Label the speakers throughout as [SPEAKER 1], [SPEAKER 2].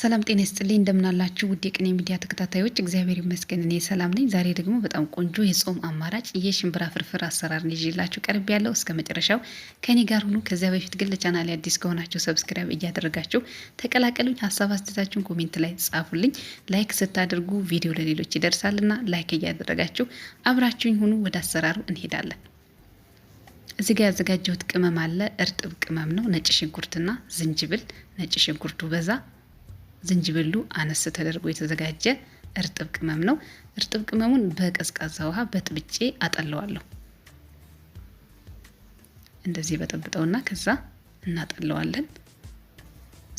[SPEAKER 1] ሰላም ጤና ይስጥልኝ፣ እንደምናላችሁ ውድ የቅኔ ሚዲያ ተከታታዮች፣ እግዚአብሔር ይመስገን እኔ ሰላም ነኝ። ዛሬ ደግሞ በጣም ቆንጆ የጾም አማራጭ የሽምብራ ፍርፍር አሰራርን ይዤላችሁ ቀርብ ያለው እስከ መጨረሻው ከኔ ጋር ሁኑ። ከዚያ በፊት ግን ለቻናል አዲስ ከሆናችሁ ሰብስክራይብ እያደረጋችሁ ተቀላቀሉኝ። ሀሳብ አስተያየታችሁን ኮሜንት ላይ ጻፉልኝ። ላይክ ስታደርጉ ቪዲዮ ለሌሎች ይደርሳልና ላይክ እያደረጋችሁ አብራችሁኝ ሁኑ። ወደ አሰራሩ እንሄዳለን። እዚህ ጋር ያዘጋጀሁት ቅመም አለ። እርጥብ ቅመም ነው። ነጭ ሽንኩርትና ዝንጅብል፣ ነጭ ሽንኩርቱ በዛ ዝንጅብሉ አነስ ተደርጎ የተዘጋጀ እርጥብ ቅመም ነው። እርጥብ ቅመሙን በቀዝቃዛ ውሃ በጥብጬ አጠለዋለሁ። እንደዚህ በጠብጠውና ከዛ እናጠለዋለን።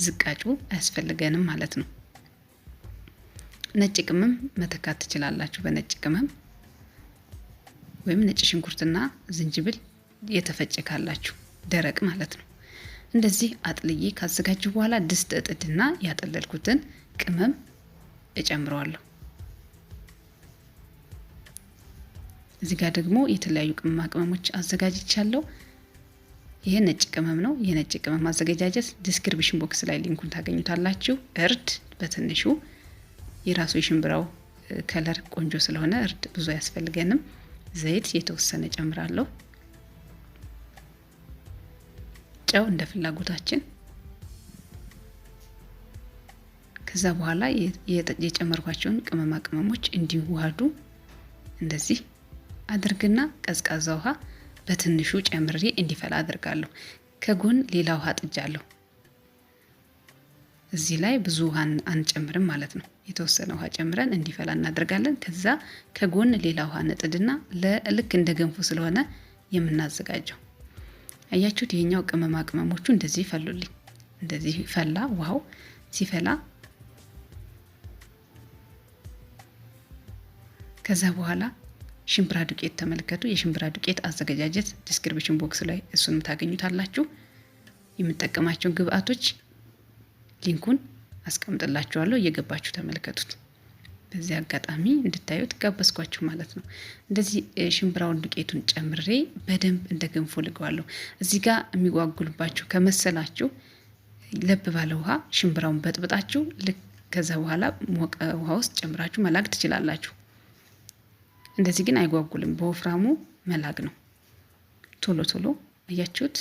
[SPEAKER 1] ዝቃጩ አያስፈልገንም ማለት ነው። ነጭ ቅመም መተካት ትችላላችሁ። በነጭ ቅመም ወይም ነጭ ሽንኩርትና ዝንጅብል የተፈጨ ካላችሁ ደረቅ ማለት ነው። እንደዚህ አጥልዬ ካዘጋጀሁ በኋላ ድስት እጥድና ያጠለልኩትን ቅመም እጨምረዋለሁ። እዚህ ጋር ደግሞ የተለያዩ ቅመማ ቅመሞች አዘጋጅቻለሁ። ይህ ነጭ ቅመም ነው። የነጭ ቅመም አዘገጃጀት ዲስክሪፕሽን ቦክስ ላይ ሊንኩን ታገኙታላችሁ። እርድ በትንሹ የራሱ የሽምብራው ከለር ቆንጆ ስለሆነ እርድ ብዙ አያስፈልገንም። ዘይት የተወሰነ ጨምራለሁ። ጨው እንደ ፍላጎታችን። ከዛ በኋላ የጨመርኳቸውን ቅመማ ቅመሞች እንዲዋሃዱ እንደዚህ አድርግና ቀዝቃዛ ውሃ በትንሹ ጨምሬ እንዲፈላ አድርጋለሁ። ከጎን ሌላ ውሃ ጥጃለሁ። እዚህ ላይ ብዙ ውሃ አንጨምርም ማለት ነው። የተወሰነ ውሃ ጨምረን እንዲፈላ እናደርጋለን። ከዛ ከጎን ሌላ ውሃ ነጥድና ልክ እንደ ገንፎ ስለሆነ የምናዘጋጀው አያችሁት? ይሄኛው ቅመማ ቅመሞቹ እንደዚህ ይፈሉልኝ። እንደዚህ ፈላ ውሃው ሲፈላ ከዛ በኋላ ሽምብራ ዱቄት ተመልከቱ። የሽምብራ ዱቄት አዘገጃጀት ዲስክሪፕሽን ቦክስ ላይ እሱንም ታገኙታላችሁ። የምጠቀማቸውን ግብአቶች ሊንኩን አስቀምጥላችኋለሁ። እየገባችሁ ተመልከቱት። በዚህ አጋጣሚ እንድታዩት ጋበዝኳችሁ ማለት ነው። እንደዚህ ሽምብራውን ዱቄቱን ጨምሬ በደንብ እንደ ገንፎ ልገዋለሁ። እዚህ ጋር የሚጓጉልባችሁ ከመሰላችሁ ለብ ባለ ውሃ ሽምብራውን በጥብጣችሁ ልክ ከዛ በኋላ ሞቀ ውሃ ውስጥ ጨምራችሁ መላግ ትችላላችሁ። እንደዚህ ግን አይጓጉልም። በወፍራሙ መላግ ነው። ቶሎ ቶሎ እያችሁት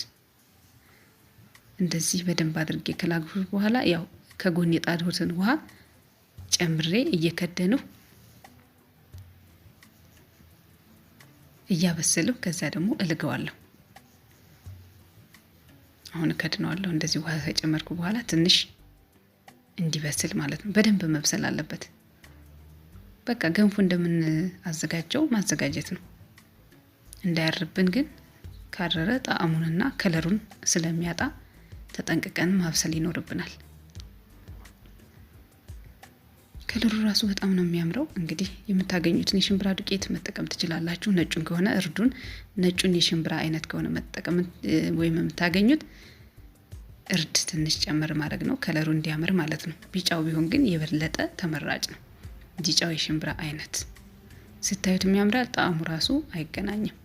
[SPEAKER 1] እንደዚህ በደንብ አድርጌ ከላግሁት በኋላ ያው ከጎን የጣድሁትን ውሃ ጨምሬ እየከደንሁ እያበሰልሁ ከዛ ደግሞ እልገዋለሁ። አሁን እከድነዋለሁ። እንደዚህ ውሃ ከጨመርኩ በኋላ ትንሽ እንዲበስል ማለት ነው። በደንብ መብሰል አለበት። በቃ ገንፎ እንደምናዘጋጀው ማዘጋጀት ነው። እንዳያርብን ግን ካረረ ጣዕሙንና ከለሩን ስለሚያጣ ተጠንቅቀን ማብሰል ይኖርብናል። ከለሩ ራሱ በጣም ነው የሚያምረው። እንግዲህ የምታገኙትን የሽምብራ ዱቄት መጠቀም ትችላላችሁ። ነጩን ከሆነ እርዱን፣ ነጩን የሽምብራ አይነት ከሆነ መጠቀም ወይም የምታገኙት እርድ ትንሽ ጨመር ማድረግ ነው፣ ከለሩ እንዲያምር ማለት ነው። ቢጫው ቢሆን ግን የበለጠ ተመራጭ ነው። ቢጫው የሽምብራ አይነት ስታዩት የሚያምራል፣ ጣዕሙ ራሱ አይገናኝም።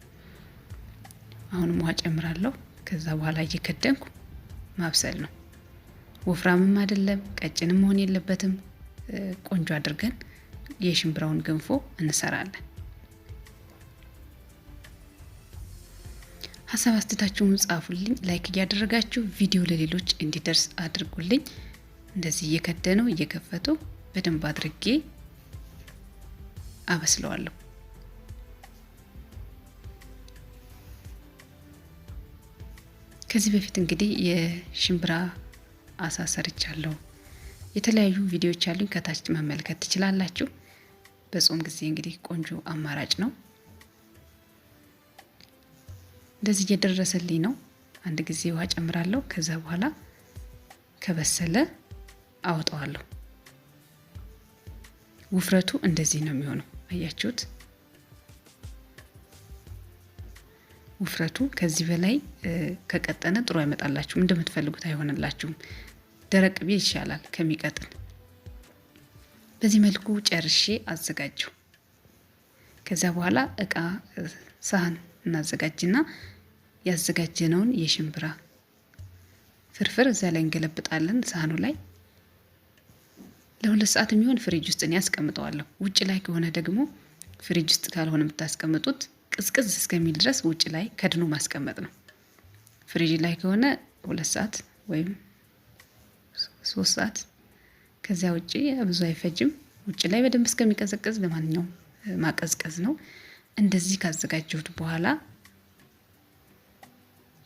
[SPEAKER 1] አሁንም ውሃ ጨምራለሁ። ከዛ በኋላ እየከደንኩ ማብሰል ነው። ወፍራምም አይደለም ቀጭንም መሆን የለበትም። ቆንጆ አድርገን የሽምብራውን ገንፎ እንሰራለን። ሀሳብ አስተታችሁን ጻፉልኝ። ላይክ እያደረጋችሁ ቪዲዮ ለሌሎች እንዲደርስ አድርጉልኝ። እንደዚህ እየከደነው እየከፈቱ በደንብ አድርጌ አበስለዋለሁ። ከዚህ በፊት እንግዲህ የሽምብራ አሳ ሰርቻለሁ። የተለያዩ ቪዲዮዎች አሉኝ ከታች መመልከት ትችላላችሁ። በጾም ጊዜ እንግዲህ ቆንጆ አማራጭ ነው። እንደዚህ እየደረሰልኝ ነው። አንድ ጊዜ ውሃ ጨምራለሁ። ከዛ በኋላ ከበሰለ አወጣዋለሁ። ውፍረቱ እንደዚህ ነው የሚሆነው። አያችሁት? ውፍረቱ ከዚህ በላይ ከቀጠነ ጥሩ አይመጣላችሁም፣ እንደምትፈልጉት አይሆንላችሁም። ደረቅ ቅቤ ይሻላል ከሚቀጥን። በዚህ መልኩ ጨርሼ አዘጋጀው። ከዚያ በኋላ እቃ ሳህን እናዘጋጅና ያዘጋጀነውን የሽምብራ ፍርፍር እዚያ ላይ እንገለብጣለን ሳህኑ ላይ ለሁለት ሰዓት የሚሆን ፍሪጅ ውስጥ እኔ ያስቀምጠዋለሁ። ውጭ ላይ ከሆነ ደግሞ ፍሪጅ ውስጥ ካልሆነ የምታስቀምጡት ቅዝቅዝ እስከሚል ድረስ ውጭ ላይ ከድኖ ማስቀመጥ ነው። ፍሪጅ ላይ ከሆነ ሁለት ሰዓት ወይም ሶስት ሰዓት ከዚያ ውጭ ብዙ አይፈጅም። ውጭ ላይ በደንብ እስከሚቀዘቀዝ ለማንኛውም ማቀዝቀዝ ነው። እንደዚህ ካዘጋጀሁት በኋላ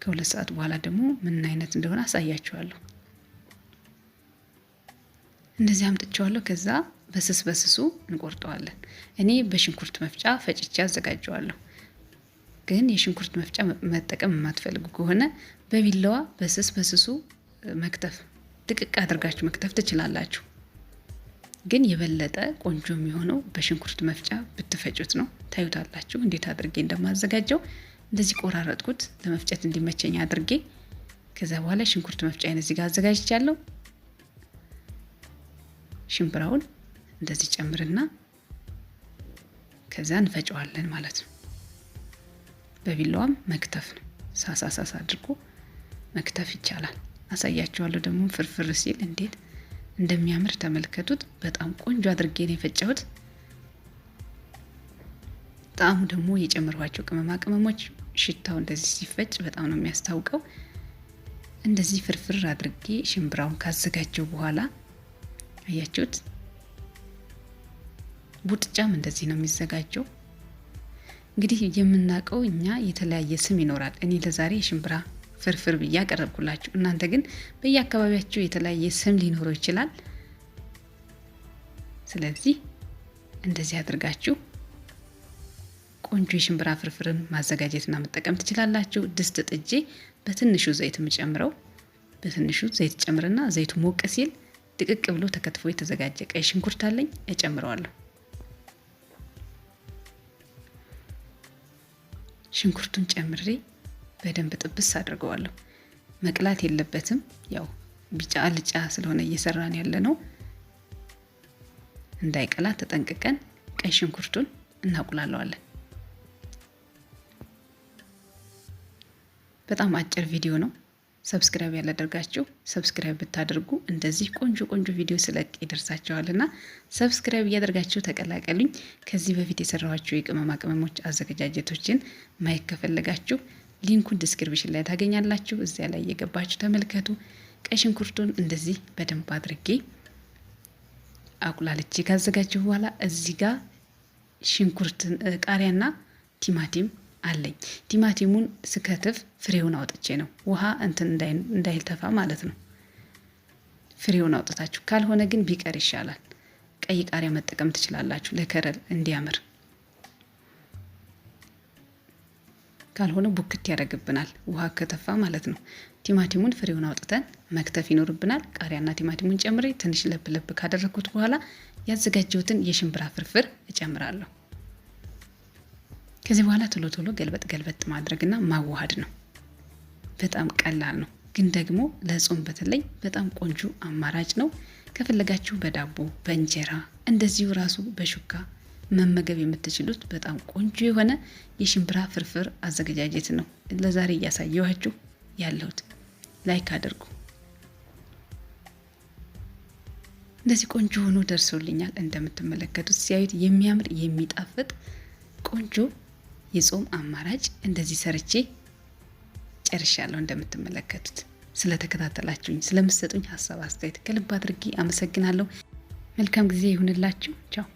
[SPEAKER 1] ከሁለት ሰዓት በኋላ ደግሞ ምን አይነት እንደሆነ አሳያችኋለሁ። እንደዚህ አምጥቼዋለሁ። ከዛ በስስ በስሱ እንቆርጠዋለን። እኔ በሽንኩርት መፍጫ ፈጭቼ አዘጋጀዋለሁ። ግን የሽንኩርት መፍጫ መጠቀም የማትፈልጉ ከሆነ በቢላዋ በስስ በስሱ መክተፍ ድቅቅ አድርጋችሁ መክተፍ ትችላላችሁ። ግን የበለጠ ቆንጆ የሚሆነው በሽንኩርት መፍጫ ብትፈጩት ነው። ታዩታላችሁ እንዴት አድርጌ እንደማዘጋጀው። እንደዚህ ቆራረጥኩት ለመፍጨት እንዲመቸኝ አድርጌ። ከዛ በኋላ ሽንኩርት መፍጫ አይነት እዚህ ጋር አዘጋጅቻለሁ። ሽምብራውን እንደዚህ ጨምርና ከዛ እንፈጨዋለን ማለት ነው። በቢላዋም መክተፍ ነው። ሳሳሳሳ አድርጎ መክተፍ ይቻላል። አሳያችኋለሁ። ደግሞ ፍርፍር ሲል እንዴት እንደሚያምር ተመልከቱት። በጣም ቆንጆ አድርጌ ነው የፈጨሁት። ጣዕሙ ደግሞ የጨመርኋቸው ቅመማ ቅመሞች ሽታው እንደዚህ ሲፈጭ በጣም ነው የሚያስታውቀው። እንደዚህ ፍርፍር አድርጌ ሽምብራውን ካዘጋጀው በኋላ አያችሁት። ቡጥጫም እንደዚህ ነው የሚዘጋጀው። እንግዲህ የምናውቀው እኛ የተለያየ ስም ይኖራል። እኔ ለዛሬ የሽምብራ ፍርፍር ብዬ አቀረብኩላችሁ እናንተ ግን በየአካባቢያችሁ የተለያየ ስም ሊኖረው ይችላል። ስለዚህ እንደዚህ አድርጋችሁ ቆንጆ የሽምብራ ፍርፍርን ማዘጋጀትና መጠቀም ትችላላችሁ። ድስት ጥጄ በትንሹ ዘይት የምጨምረው በትንሹ ዘይት ጨምርና ዘይቱ ሞቅ ሲል ድቅቅ ብሎ ተከትፎ የተዘጋጀ ቀይ ሽንኩርት አለኝ እጨምረዋለሁ። ሽንኩርቱን ጨምሬ በደንብ ጥብስ አድርገዋለሁ። መቅላት የለበትም። ያው ቢጫ አልጫ ስለሆነ እየሰራን ያለ ነው እንዳይቀላ ተጠንቅቀን ቀይ ሽንኩርቱን እናቁላለዋለን። በጣም አጭር ቪዲዮ ነው። ሰብስክራይብ ያላደርጋችሁ ሰብስክራይብ ብታደርጉ እንደዚህ ቆንጆ ቆንጆ ቪዲዮ ስለቅ ይደርሳችኋልና ሰብስክራይብ እያደርጋችሁ ተቀላቀሉኝ። ከዚህ በፊት የሰራኋቸው የቅመማ ቅመሞች አዘገጃጀቶችን ማየት ከፈለጋችሁ ሊንኩን ዲስክሪፕሽን ላይ ታገኛላችሁ። እዚያ ላይ እየገባችሁ ተመልከቱ። ቀይ ሽንኩርቱን እንደዚህ በደንብ አድርጌ አቁላልቼ ካዘጋጀሁ በኋላ እዚህ ጋር ሽንኩርትን ቃሪያና ቲማቲም አለኝ። ቲማቲሙን ስከትፍ ፍሬውን አውጥቼ ነው ውሃ እንትን እንዳይልተፋ ማለት ነው። ፍሬውን አውጥታችሁ ካልሆነ ግን ቢቀር ይሻላል። ቀይ ቃሪያ መጠቀም ትችላላችሁ ለከረል እንዲያምር ካልሆነ ቡክት ያደርግብናል፣ ውሃ ከተፋ ማለት ነው። ቲማቲሙን ፍሬውን አውጥተን መክተፍ ይኖርብናል። ቃሪያና ቲማቲሙን ጨምሬ ትንሽ ለብ ለብ ካደረግኩት በኋላ ያዘጋጀሁትን የሽምብራ ፍርፍር እጨምራለሁ። ከዚህ በኋላ ቶሎ ቶሎ ገልበጥ ገልበጥ ማድረግና ማዋሃድ ነው። በጣም ቀላል ነው፣ ግን ደግሞ ለጾም በተለይ በጣም ቆንጆ አማራጭ ነው። ከፈለጋችሁ በዳቦ በእንጀራ እንደዚሁ ራሱ በሹካ መመገብ የምትችሉት በጣም ቆንጆ የሆነ የሽምብራ ፍርፍር አዘገጃጀት ነው ለዛሬ እያሳየኋችሁ ያለሁት። ላይክ አድርጉ። እንደዚህ ቆንጆ ሆኖ ደርሶልኛል። እንደምትመለከቱት ሲያዩት የሚያምር የሚጣፍጥ ቆንጆ የጾም አማራጭ እንደዚህ ሰርቼ ጨርሻለሁ። እንደምትመለከቱት ስለተከታተላችሁኝ፣ ስለምሰጡኝ ሀሳብ አስተያየት ከልብ አድርጌ አመሰግናለሁ። መልካም ጊዜ ይሁንላችሁ። ቻው